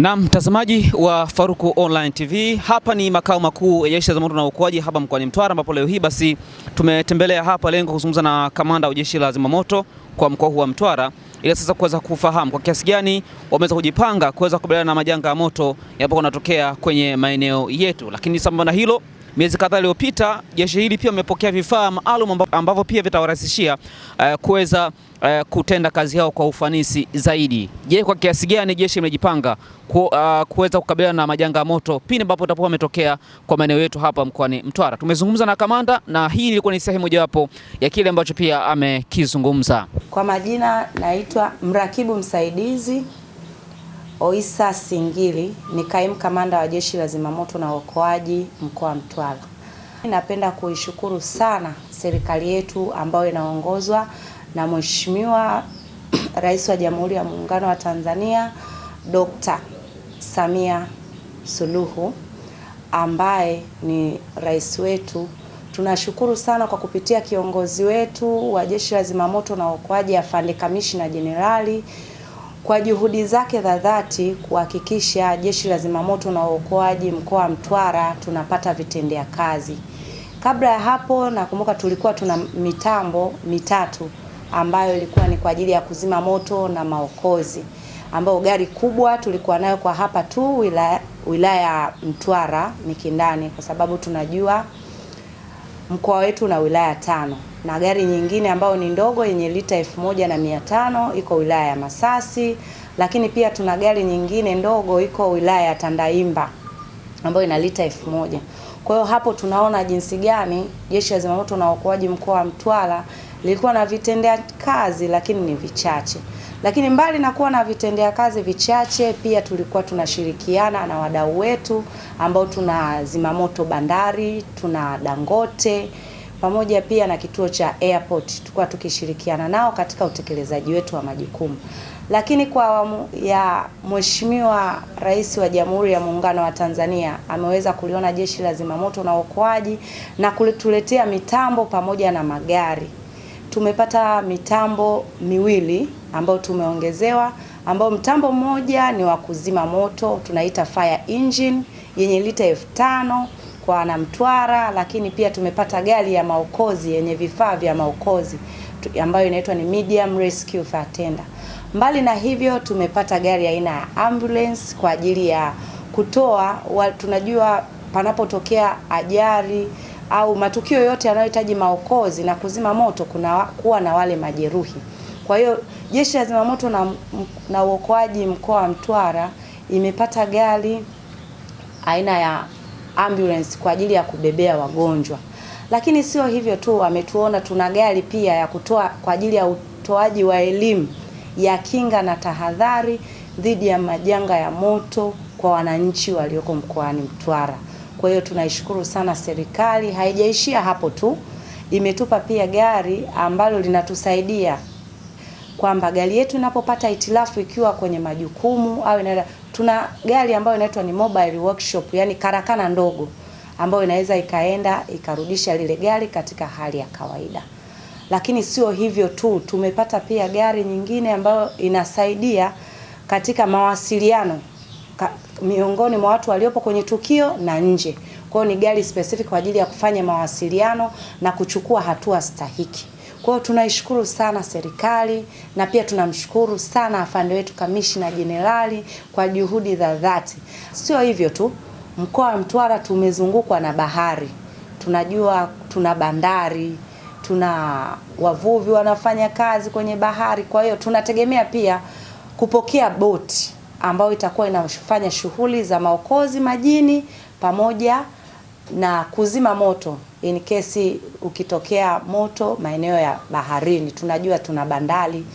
Na mtazamaji wa Faruku Online TV, hapa ni makao makuu ya Jeshi la Zimamoto na Uokoaji hapa mkoani Mtwara, ambapo leo hii basi tumetembelea hapa lengo kuzungumza na kamanda wa Jeshi la Zimamoto kwa mkoa huu wa Mtwara ili sasa kuweza kufahamu kwa kiasi gani wameweza kujipanga kuweza kukabiliana na majanga ya moto yanapokuwa yanatokea kwenye maeneo yetu, lakini sambamba na hilo Miezi kadhaa iliyopita, jeshi hili pia wamepokea vifaa maalum ambavyo pia vitawarahisishia uh, kuweza uh, kutenda kazi yao kwa ufanisi zaidi. Je, kwa kiasi gani jeshi limejipanga ah, kuweza uh, kukabiliana na majanga ya moto pindi ambapo utakuwa umetokea kwa maeneo yetu hapa mkoani Mtwara? Tumezungumza na kamanda na hii ilikuwa ni sehemu mojawapo ya kile ambacho pia amekizungumza. Kwa majina naitwa mrakibu msaidizi Oisa Singili ni kaimu kamanda wa Jeshi la Zimamoto na Uokoaji mkoa wa Mtwara. Napenda kuishukuru sana serikali yetu ambayo inaongozwa na Mheshimiwa Rais wa Jamhuri ya Muungano wa Tanzania Dr. Samia Suluhu ambaye ni rais wetu. Tunashukuru sana kwa kupitia kiongozi wetu wa Jeshi la Zimamoto na Uokoaji, afande kamishna jenerali kwa juhudi zake za dhati kuhakikisha Jeshi la Zimamoto na Uokoaji mkoa wa Mtwara tunapata vitendea kazi. Kabla ya hapo, nakumbuka tulikuwa tuna mitambo mitatu ambayo ilikuwa ni kwa ajili ya kuzima moto na maokozi, ambayo gari kubwa tulikuwa nayo kwa hapa tu wilaya wilaya ya Mtwara Mikindani, kwa sababu tunajua Mkoa wetu una wilaya tano na gari nyingine ambayo ni ndogo yenye lita elfu moja na mia tano iko wilaya ya Masasi, lakini pia tuna gari nyingine ndogo iko wilaya ya Tandaimba ambayo ina lita elfu moja. Kwa hiyo hapo tunaona jinsi gani Jeshi la Zimamoto na Uokoaji mkoa wa Mtwara lilikuwa na vitendea kazi lakini ni vichache. Lakini mbali na kuwa na vitendea kazi vichache, pia tulikuwa tunashirikiana na wadau wetu ambao tuna Zimamoto Bandari, tuna Dangote pamoja pia na kituo cha airport, tulikuwa tukishirikiana nao katika utekelezaji wetu wa majukumu. Lakini kwa awamu ya Mheshimiwa Rais wa Jamhuri ya Muungano wa Tanzania ameweza kuliona Jeshi la Zimamoto na Uokoaji na kulituletea mitambo pamoja na magari tumepata mitambo miwili ambayo tumeongezewa, ambao mtambo mmoja ni wa kuzima moto tunaita fire engine yenye lita elfu tano kwa Mtwara, lakini pia tumepata gari ya maokozi yenye vifaa vya maokozi ambayo inaitwa ni medium rescue fire tender. Mbali na hivyo, tumepata gari aina ya, ya ambulance kwa ajili ya kutoa wa, tunajua panapotokea ajali au matukio yote yanayohitaji maokozi na kuzima moto kuna kuwa na wale majeruhi. Kwa hiyo jeshi la zimamoto na, na uokoaji mkoa wa Mtwara imepata gari aina ya ambulance kwa ajili ya kubebea wagonjwa, lakini sio hivyo tu, wametuona tuna gari pia ya kutoa kwa ajili ya utoaji wa elimu ya kinga na tahadhari dhidi ya majanga ya moto kwa wananchi walioko mkoani Mtwara. Kwa hiyo tunaishukuru sana serikali. Haijaishia hapo tu, imetupa pia gari ambalo linatusaidia kwamba gari yetu inapopata itilafu ikiwa kwenye majukumu au ina, tuna gari ambayo inaitwa ni mobile workshop, yani karakana ndogo ambayo inaweza ikaenda ikarudisha lile gari katika hali ya kawaida. Lakini sio hivyo tu, tumepata pia gari nyingine ambayo inasaidia katika mawasiliano miongoni mwa watu waliopo kwenye tukio na nje. Kwa hiyo ni gari specific kwa ajili ya kufanya mawasiliano na kuchukua hatua stahiki. Kwa hiyo tunaishukuru sana serikali na pia tunamshukuru sana afande wetu Kamishna Jenerali kwa juhudi za dhati. Sio hivyo tu, mkoa wa Mtwara tumezungukwa na bahari, tunajua tuna bandari, tuna wavuvi wanafanya kazi kwenye bahari. Kwa hiyo tunategemea pia kupokea boti ambayo itakuwa inafanya shughuli za maokozi majini pamoja na kuzima moto in case ukitokea moto maeneo ya baharini. Tunajua tuna bandari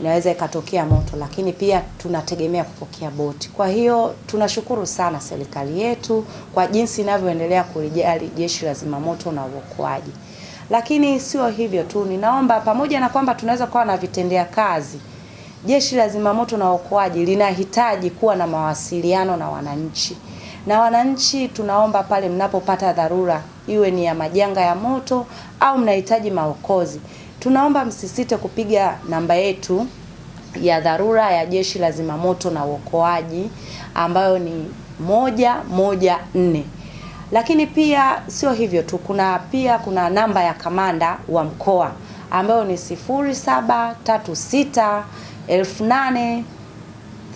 inaweza ikatokea moto, lakini pia tunategemea kupokea boti. Kwa hiyo tunashukuru sana serikali yetu kwa jinsi inavyoendelea kulijali jeshi la zimamoto na uokoaji. Lakini sio hivyo tu, ninaomba pamoja na kwamba tunaweza kuwa na vitendea kazi Jeshi la Zimamoto na Uokoaji linahitaji kuwa na mawasiliano na wananchi, na wananchi tunaomba pale mnapopata dharura, iwe ni ya majanga ya moto au mnahitaji maokozi, tunaomba msisite kupiga namba yetu ya dharura ya Jeshi la Zimamoto na Uokoaji ambayo ni moja moja nne. Lakini pia sio hivyo tu, kuna pia kuna namba ya kamanda wa mkoa ambayo ni 0736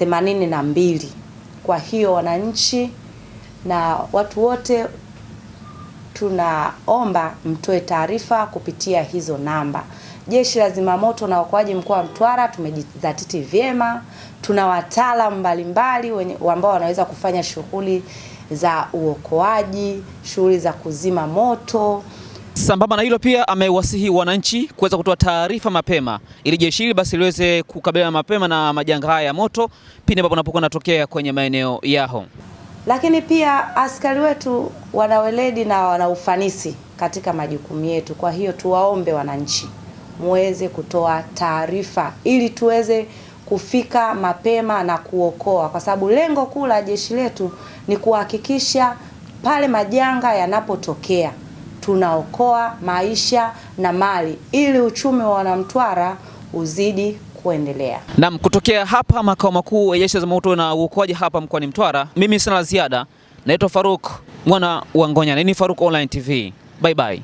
8082. Kwa hiyo wananchi na watu wote tunaomba mtoe taarifa kupitia hizo namba. Jeshi la Zimamoto na waokoaji mkoa wa Mtwara tumejizatiti vyema, tuna wataalamu mbalimbali ambao wanaweza kufanya shughuli za uokoaji, shughuli za kuzima moto, Sambamba na hilo pia amewasihi wananchi kuweza kutoa taarifa mapema ili jeshi hili basi liweze kukabiliana mapema na majanga haya ya moto pindi ambapo unapokuwa natokea kwenye maeneo yao. Lakini pia askari wetu wana weledi na wana ufanisi katika majukumu yetu. Kwa hiyo tuwaombe wananchi muweze kutoa taarifa ili tuweze kufika mapema na kuokoa, kwa sababu lengo kuu la jeshi letu ni kuhakikisha pale majanga yanapotokea tunaokoa maisha na mali ili uchumi wa Wanamtwara uzidi kuendelea. Naam, kutokea hapa makao makuu ya Jeshi la Zimamoto na Uokoaji hapa mkoani Mtwara, mimi sina la ziada. Naitwa Faruk mwana wa Ngonya, ni Faruk Online TV. Bye bye.